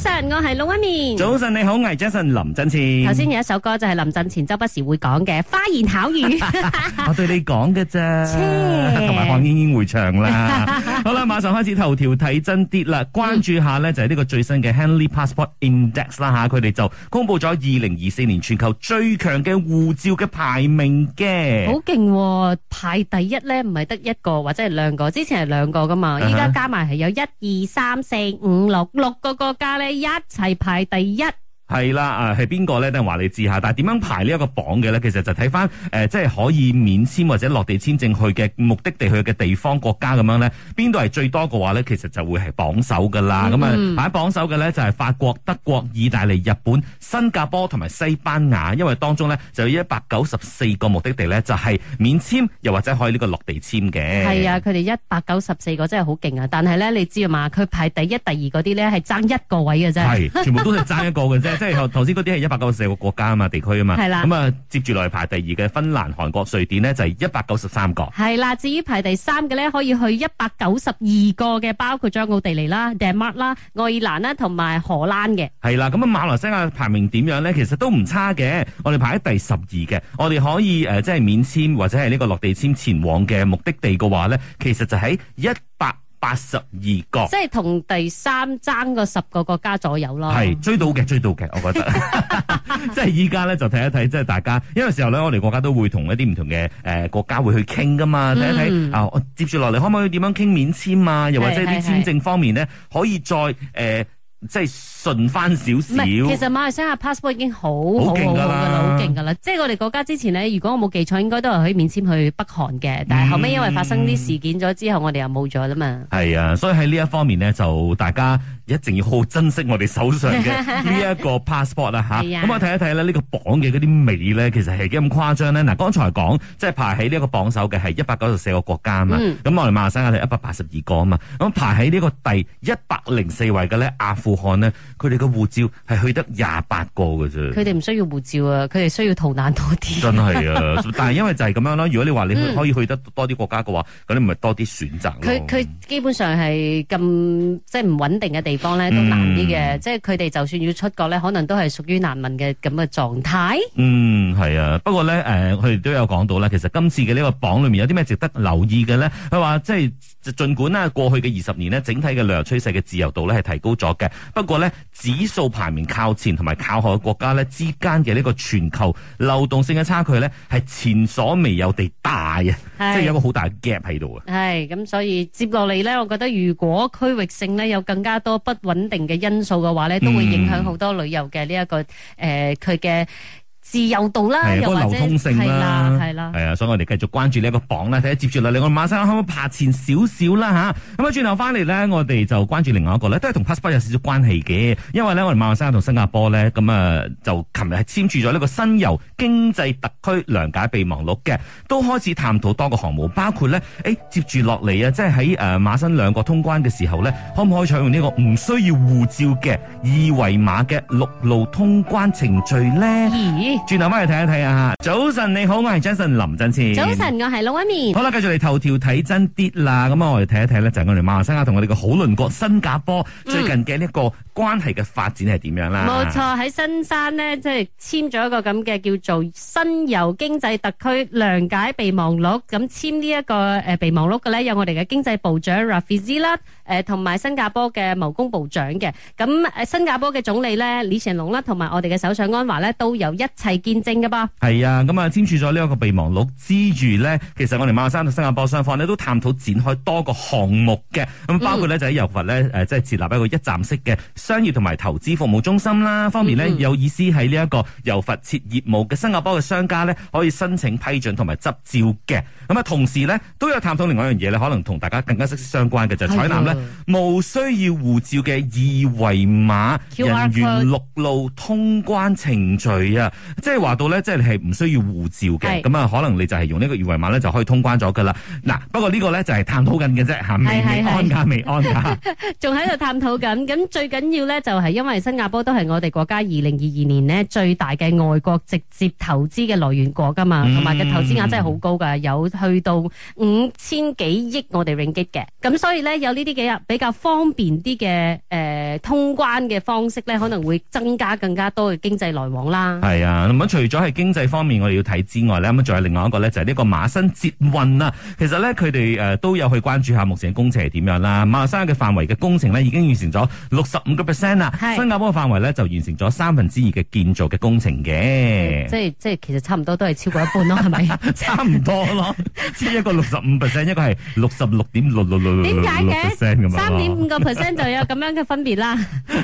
早晨，我係 Melody。早晨，你好，我係 Jason 林振前。頭先有一首歌就係林振前周不時會講嘅《花言巧語》。我對你講嘅啫，同埋黃燕燕會唱啦。好啦，馬上開始頭條睇真啲啦，關注下咧就係呢個最新嘅 Henley Passport Index 啦吓，佢哋就公布咗二零二四年全球最強嘅護照嘅排名嘅。好勁喎，排第一咧唔係得一個或者係兩個，之前係兩個噶嘛，依家加埋係有一二三四五六六個國家咧。一齊排第一。係啦，啊，係邊個咧？等話你知下。但係點樣排呢一個榜嘅咧？其實就睇翻誒，即係可以免簽或者落地簽證去嘅目的地去嘅地方國家咁樣咧，邊度係最多嘅話咧，其實就會係榜首噶啦。咁、嗯、啊，樣排榜首嘅咧就係、是、法國、德國、意大利、日本、新加坡同埋西班牙，因為當中咧就有一百九十四個目的地咧就係、是、免簽又或者可以呢個落地簽嘅。係啊，佢哋一百九十四個真係好勁啊！但係咧，你知嘛？佢排第一、第二嗰啲咧係爭一個位嘅啫，係全部都係爭一個嘅啫。 即係頭先嗰啲係一百九十四個國家啊嘛，地區啊嘛。係啦。咁、嗯、啊，接住落嚟排第二嘅芬蘭、韓國、瑞典呢，就係一百九十三個。係啦。至於排第三嘅咧，可以去一百九十二個嘅，包括將奧地利啦、丹麥啦、愛爾蘭啦同埋荷蘭嘅。係啦。咁啊，馬來西亞排名點樣咧？其實都唔差嘅。我哋排喺第十二嘅。我哋可以誒、呃，即係免簽或者係呢個落地簽前往嘅目的地嘅話咧，其實就喺一百。八十二個，即係同第三爭個十個國家左右咯。係追到嘅，追到嘅、嗯，我覺得。 即係依家咧，就睇一睇，即係大家，因為時候咧，我哋國家都會一同一啲唔同嘅誒國家會去傾噶嘛。睇一睇啊，我、哦、接住落嚟可唔可以點樣傾免簽啊？又或者啲簽證方面咧，可以再誒、呃，即係。順翻少少，其實馬來西亞 passport 已經好好好好嘅，好勁噶啦，即、就、係、是、我哋國家之前呢，如果我冇記錯，應該都係可以免簽去北韓嘅，但係後尾因為發生啲事件咗之後，我哋又冇咗啦嘛。係、嗯、啊，所以喺呢一方面呢，就大家一定要好珍惜我哋手上嘅呢、 啊嗯嗯嗯嗯嗯嗯、一個 passport 啦吓。咁我睇一睇咧，呢個榜嘅嗰啲尾呢，其實係幾咁誇張呢。嗱，剛才講即係排喺呢一個榜首嘅係一百九十四個國家嘛，咁、嗯、我哋馬來西亞係一百八十二個啊嘛，咁排喺呢個第一百零四位嘅咧阿富汗呢。佢哋嘅護照係去得廿八個㗎啫。佢哋唔需要護照啊，佢哋需要逃難多啲。真係啊！ 但係因為就係咁樣咯、啊。如果你話你可以去得多啲國家嘅話，咁、嗯、你咪多啲選擇佢、啊、佢基本上係咁即係唔穩定嘅地方咧，都難啲嘅、嗯。即係佢哋就算要出國咧，可能都係屬於難民嘅咁嘅狀態。嗯，係啊。不過咧，誒、呃，佢哋都有講到呢。其實今次嘅呢個榜裏面有啲咩值得留意嘅咧？佢話即係儘管啦，過去嘅二十年呢，整體嘅旅遊趨勢嘅自由度咧係提高咗嘅。不過咧，指數排名靠前同埋靠後嘅國家咧之間嘅呢個全球流動性嘅差距咧，係前所未有地大啊！即係有一個好大嘅 gap 喺度啊！係咁，所以接落嚟咧，我覺得如果區域性咧有更加多不穩定嘅因素嘅話咧，都會影響好多旅遊嘅呢一個誒佢嘅。嗯呃自由度啦，是又或者流通性啦，係啦，係啊，所以我哋繼續關注呢一個榜啦，睇下接住落嚟我哋馬生可唔可以爬前少少啦吓，咁啊轉頭翻嚟咧，我哋就關注另外一個咧，都係同 passport -Pas 有少少關係嘅，因為咧我哋馬生同新加坡咧咁啊，就琴日係簽署咗呢個新柔經濟特區諒解備忘錄嘅，都開始探討多個項目，包括咧誒、欸、接住落嚟啊，即係喺誒馬生兩個通關嘅時候咧，可唔可以採用呢個唔需要護照嘅二維碼嘅陸路通關程序咧？轉頭翻嚟睇一睇啊！早晨你好，我係 Jason 林振先。早晨，我係老 Amy。好啦，繼續嚟頭條睇真啲啦。咁啊，我哋睇一睇咧，就係、是、我哋馬來西亞同我哋嘅好鄰國新加坡最近嘅呢、這個。嗯關係嘅發展係點樣啦？冇錯，喺新山呢，即係簽咗一個咁嘅叫做新柔經濟特區諒解備忘錄。咁簽呢一個誒備忘錄嘅咧，有我哋嘅經濟部長 Rafizi 啦、呃，誒同埋新加坡嘅勞工部長嘅。咁誒新加坡嘅總理咧李成龍啦，同埋我哋嘅首相安華咧，都有一齊見證嘅噃。係啊，咁啊簽署咗呢一個備忘錄，之餘呢，其實我哋馬來西亞同新加坡雙方呢，都探討展開多個項目嘅。咁包括咧就喺柔佛咧，誒、嗯、即係設立一個一站式嘅。商業同埋投資服務中心啦，方面呢，嗯、有意思喺呢一個由佛設業務嘅新加坡嘅商家呢，可以申請批准同埋執照嘅。咁啊，同時呢，都有探討另外一樣嘢呢，可能同大家更加息息相關嘅，就係採納呢，冇需要護照嘅二維碼人員陸路通關程序啊，即係話到呢，即係係唔需要護照嘅，咁啊，可能你就係用呢個二維碼呢，就可以通關咗噶啦。嗱，不過呢個呢，就係探討緊嘅啫，嚇、啊，未安㗎，未安㗎，仲喺度探討緊。咁最緊要。要咧就係因為新加坡都係我哋國家二零二二年呢最大嘅外國直接投資嘅來源國噶嘛同埋嘅投資額真係好高噶有去到五千幾億我哋令吉嘅。咁所以咧，有呢啲嘅比較方便啲嘅誒通關嘅方式咧，可能會增加更加多嘅經濟來往啦。係啊，咁除咗係經濟方面我哋要睇之外咧，咁仲有另外一個咧，就係呢個馬新捷運啦。其實咧，佢哋誒都有去關注下目前嘅工程係點樣啦。馬新嘅範圍嘅工程呢，已經完成咗六十五個。新加坡嘅範圍咧就完成咗三分之二嘅建造嘅工程嘅、嗯，即係即係，其實差唔多都係超過一半咯，係 咪是吧 差唔多咯， 個 65%, 一個六十五 percent，一個係六十六點六六六六點五 percent 三點五個 percent 就有咁樣嘅分別啦，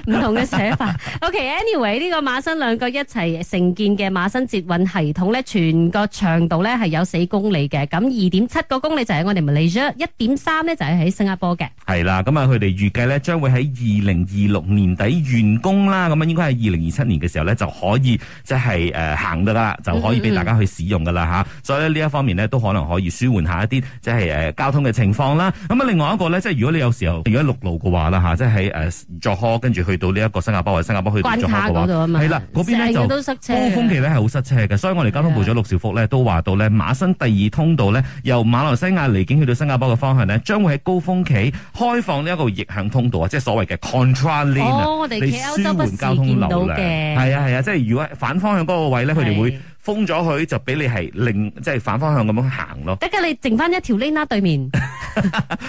唔 同嘅寫法。OK，anyway、okay，呢個馬新兩個一齊承建嘅馬新捷運系統咧，全個長度咧係有四公里嘅，咁二點七個公里就係我哋馬來西亞，一點三咧就係喺新加坡嘅，係啦。咁啊，佢哋預計咧將會喺二零二六年底完工啦，咁啊，應該喺二零二七年嘅時候咧、就是呃，就可以即係誒行得啦，就可以俾大家去使用噶啦吓，所以呢一方面呢，都可能可以舒緩一下一啲即係誒交通嘅情況啦。咁啊，另外一個咧，即係如果你有時候如果陸路嘅話啦吓、啊，即係喺誒作跟住去到呢一個新加坡或者新加坡去到作渴嘅話，係啦，嗰邊咧就高峰期咧係好塞車嘅。所以我哋交通部長陸兆福咧都話到咧，馬新第二通道咧由馬來西亞離境去到新加坡嘅方向呢，將會喺高峰期開放呢一個逆向通道啊，即係所謂嘅 contraflow。哦，我哋企喺歐洲交通樓嘅，係啊係啊，即係如果反方向嗰個位咧，佢哋會。封咗，佢就俾你係另，即係反方向咁樣行咯。得噶，你剩翻一條 lane 啦，對面。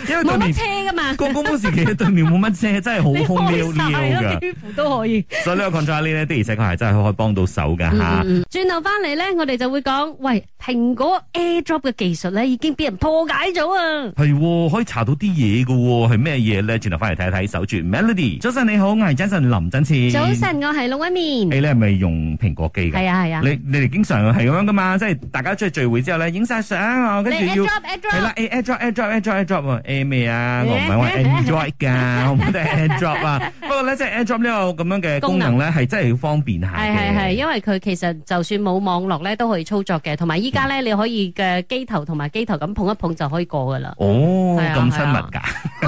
因為冇乜車噶嘛，公公巴士幾多，對面冇乜車，真係好空寥寥噶。幾乎都可以。所以呢個 control 咧，的而且確係真係可以幫到手噶吓。轉頭翻嚟咧，我哋就會講，喂，蘋果 AirDrop 嘅技術咧已經俾人破解咗啊。係，可以查到啲嘢噶，係咩嘢咧？轉頭翻嚟睇一睇，守住 Melody。早晨你好，我係張振林，振賜。早晨，我係龍威面。你係咪用蘋果機噶？係啊係啊。你你哋經常係咁樣噶嘛，即係大家出去聚會之後咧，影晒相，跟住要係啦，AirDrop，AirDrop，AirDrop，AirDrop，AirDrop，AirDrop，誒咩啊我唔係話 AirDrop 噶，我哋 AirDrop 啊。不過咧，即係 AirDrop 呢個咁樣嘅功能咧，係真係好方便下。係係係，因為佢其實就算冇網絡咧，都可以操作嘅。同埋依家咧，你可以嘅機頭同埋機頭咁碰一碰就可以過噶啦。哦，咁親密噶？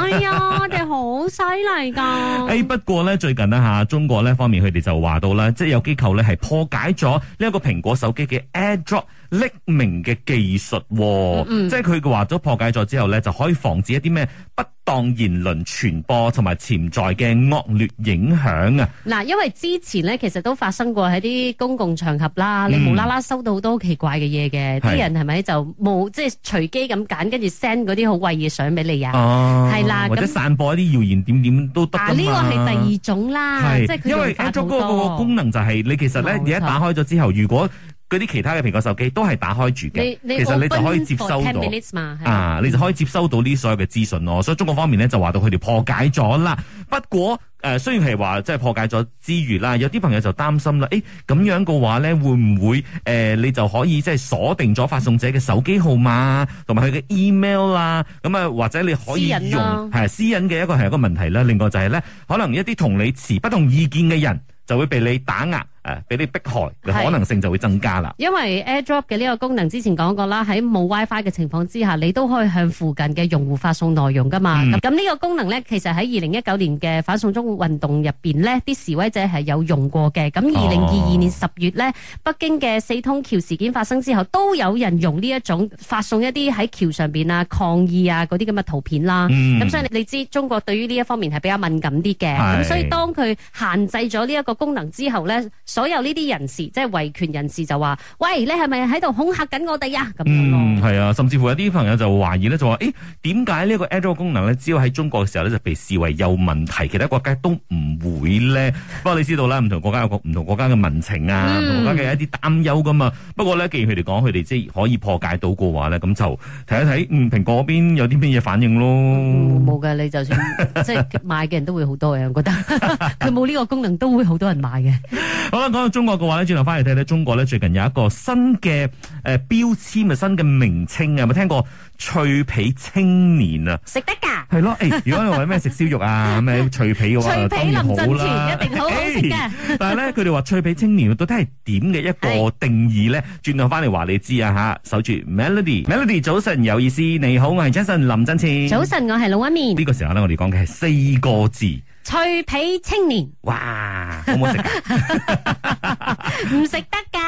哎呀，我哋好犀利噶。誒，不過咧，最近咧吓，中國咧方面佢哋就話到啦，即係有機構咧係破解咗呢一個蘋果手。手機嘅 Airdrop 匿名嘅技術、嗯嗯，即係佢話咗破解咗之後咧，就可以防止一啲咩不當言論傳播，同埋潛在嘅惡劣影響啊！嗱，因為之前咧，其實都發生過喺啲公共場合啦，嗯，你無啦啦收到好多奇怪嘅嘢嘅，啲人係咪就冇即係隨機咁揀，跟住 send 嗰啲好壞嘅相俾你啊？係啦，或者散播一啲謠言怎樣怎樣，點點都得。嗱，呢個係第二種啦，即係因為 Airdrop 嗰個，個功能就係、是、你其實咧，而家打開咗之後，如果嗰啲其他嘅蘋果手機都係打開住嘅，其實你就可以接收到啊，你就可以接收到呢所有嘅資訊咯、嗯。所以中國方面咧就話到佢哋破解咗啦。不過誒、呃，雖然係話即係破解咗之餘啦，有啲朋友就擔心啦，誒、欸、咁樣嘅話咧會唔會誒、呃、你就可以即係鎖定咗發送者嘅手機號碼同埋佢嘅 email 啦、啊？咁啊或者你可以用係私隱嘅一個係一個問題啦。另外就係、是、咧可能一啲同你持不同意見嘅人就會被你打壓。誒，俾啲迫害嘅可能性就會增加啦。因為 AirDrop 嘅呢個功能之前講過啦，喺冇 WiFi 嘅情況之下，你都可以向附近嘅用戶發送內容噶嘛。咁、嗯、呢個功能咧，其實喺二零一九年嘅反送中運動入面呢，啲示威者係有用過嘅。咁二零二二年十月呢，哦、北京嘅四通橋事件發生之後，都有人用呢一種發送一啲喺橋上面啊抗議啊嗰啲咁嘅圖片啦。咁、嗯、所以你知中國對於呢一方面係比較敏感啲嘅。咁所以當佢限制咗呢一個功能之後咧。所有呢啲人士，即係維權人士，就話：，喂，你係咪喺度恐嚇緊我哋啊？咁樣咯。嗯，係啊，甚至乎有啲朋友就懷疑咧，就話：，誒，點解呢個 Edge 功能咧，只要喺中國嘅時候咧就被視為有問題，其他國家都唔會咧？不過你知道啦，唔同國家有唔同國家嘅民情啊，國家嘅一啲擔憂噶嘛。不過咧，既然佢哋講，佢哋即係可以破解到嘅話咧，咁就睇一睇，嗯，蘋果嗰邊有啲咩嘢反應咯。冇噶，你就算即係買嘅人都會好多嘅，我覺得佢冇呢個功能都會好多人買嘅。講到中國嘅話咧，轉頭翻嚟睇睇中國咧最近有一個新嘅誒標籤啊，新嘅名稱啊，有冇聽過脆皮青年吃啊？食得噶？係咯，誒，如果說你話咩食燒肉啊，咩 脆皮嘅話，脆皮林振前一定好好食嘅。 但係咧，佢哋話脆皮青年到底係點嘅一個定義咧？轉頭翻嚟話你知啊吓，守住 Melody，Melody，早晨有意思，你好，我係 Jason 林振前。早晨，我係老温面。呢、呢個時候咧，我哋講嘅係四個字：脆皮青年。哇！好唔好食？唔食得噶，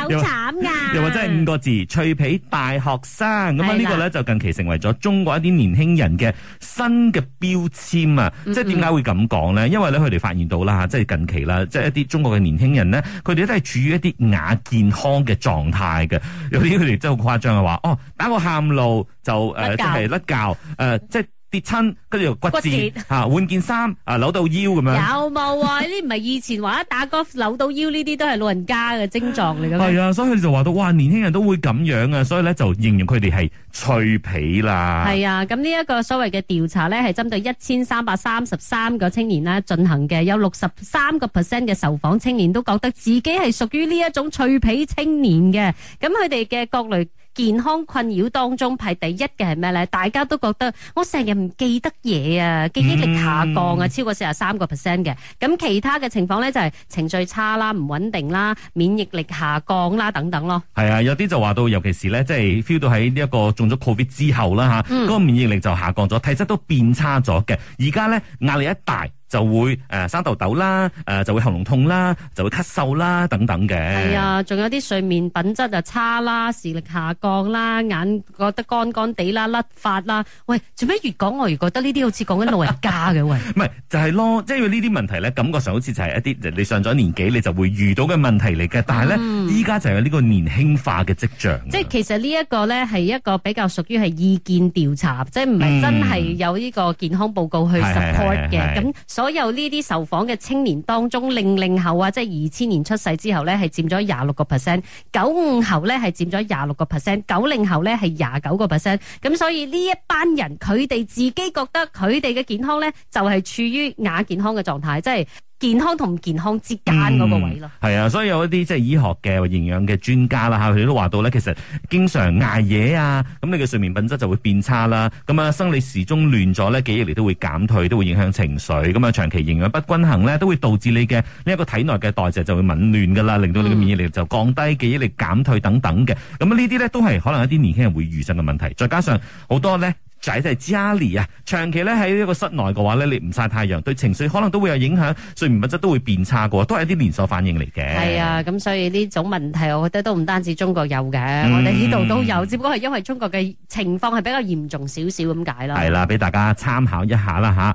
好慘噶！又或者係五個字，脆皮大學生咁啊？呢個咧就近期成為咗中國一啲年輕人嘅新嘅標籤啊、嗯嗯！即係點解會咁講咧？因為咧佢哋發現到啦吓，即係近期啦，即係一啲中國嘅年輕人咧，佢哋都係處於一啲亞健康嘅狀態嘅。有啲佢哋真係好誇張，係話哦，打個喊露就誒、呃，即係甩骹誒、呃，即係。跌親，跟住又骨折吓，換、啊、件衫啊，扭到腰咁 樣。有冇、啊？呢啲唔係以前話打 golf 扭到腰呢啲都係老人家嘅症狀嚟噶。係 啊，所以佢哋就話到，哇，年輕人都會咁樣啊，所以咧就形容佢哋係脆皮啦。係啊，咁呢一個所謂嘅調查咧，係針對一千三百三十三個青年啦進行嘅，有六十三個 percent 嘅受訪青年都覺得自己係屬於呢一種脆皮青年嘅，咁佢哋嘅各類。健康困擾當中排第一嘅係咩咧？大家都覺得我成日唔記得嘢啊，記憶力，力下降啊、嗯，超過四十三個 percent 嘅。咁其他嘅情況咧就係情緒差啦、唔穩定啦、免疫力下降啦等等咯。係啊，有啲就話到，尤其是咧，即係 feel 到喺呢一個中咗 covid 之後啦吓，嗯，個免疫力就下降咗，體質都變差咗嘅。而家咧壓力一大。就會誒、呃、生痘痘啦，誒、呃、就會喉嚨痛啦，就會咳嗽啦等等嘅。係啊，仲有啲睡眠品質就差啦，視力下降啦，眼覺得乾乾地啦，甩髮啦。喂，做咩越講我越覺得呢啲好似講緊老人家嘅 喂？唔係就係、是、咯，即係呢啲問題咧，感覺上好似就係一啲你上咗年紀你就會遇到嘅問題嚟嘅。但係咧，依、嗯、家就有呢個年輕化嘅跡象。即係其實呢一個咧係一個比較屬於係意見調查，嗯、即係唔係真係有呢個健康報告去 support 嘅。咁、嗯、所所有呢啲受訪嘅青年當中，零零後啊，即係二千年出世之後呢，係佔咗廿六個 percent；九五後呢，係佔咗廿六個 percent；九零後呢，係廿九個 percent。咁所以呢一班人，佢哋自己覺得佢哋嘅健康呢，就係處於亞健康嘅狀態，即係。健康同唔健康之間嗰個位咯，係、嗯、啊，所以有一啲即係醫學嘅營養嘅專家啦，吓佢都話到咧，其實經常挨夜啊，咁你嘅睡眠品質就會變差啦，咁啊生理時鐘亂咗咧，記憶力都會減退，都會影響情緒，咁啊長期營養不均衡咧，都會導致你嘅呢一個體內嘅代謝就會紊亂噶啦，令到你嘅免疫力就降低，記憶力減退等等嘅，咁啊呢啲咧都係可能一啲年輕人會遇上嘅問題，再加上好多咧。仔都係 j 啊！長期咧喺一個室內嘅話咧，你唔曬太陽，對情緒可能都會有影響，睡眠品質都會變差嘅，都係一啲連鎖反應嚟嘅。係啊，咁所以呢種問題，我覺得都唔單止中國有嘅。嗯，我哋呢度都有，只不過係因為中國嘅情況係比較嚴重少少咁解啦。係啦、啊，俾大家參考一下啦嚇。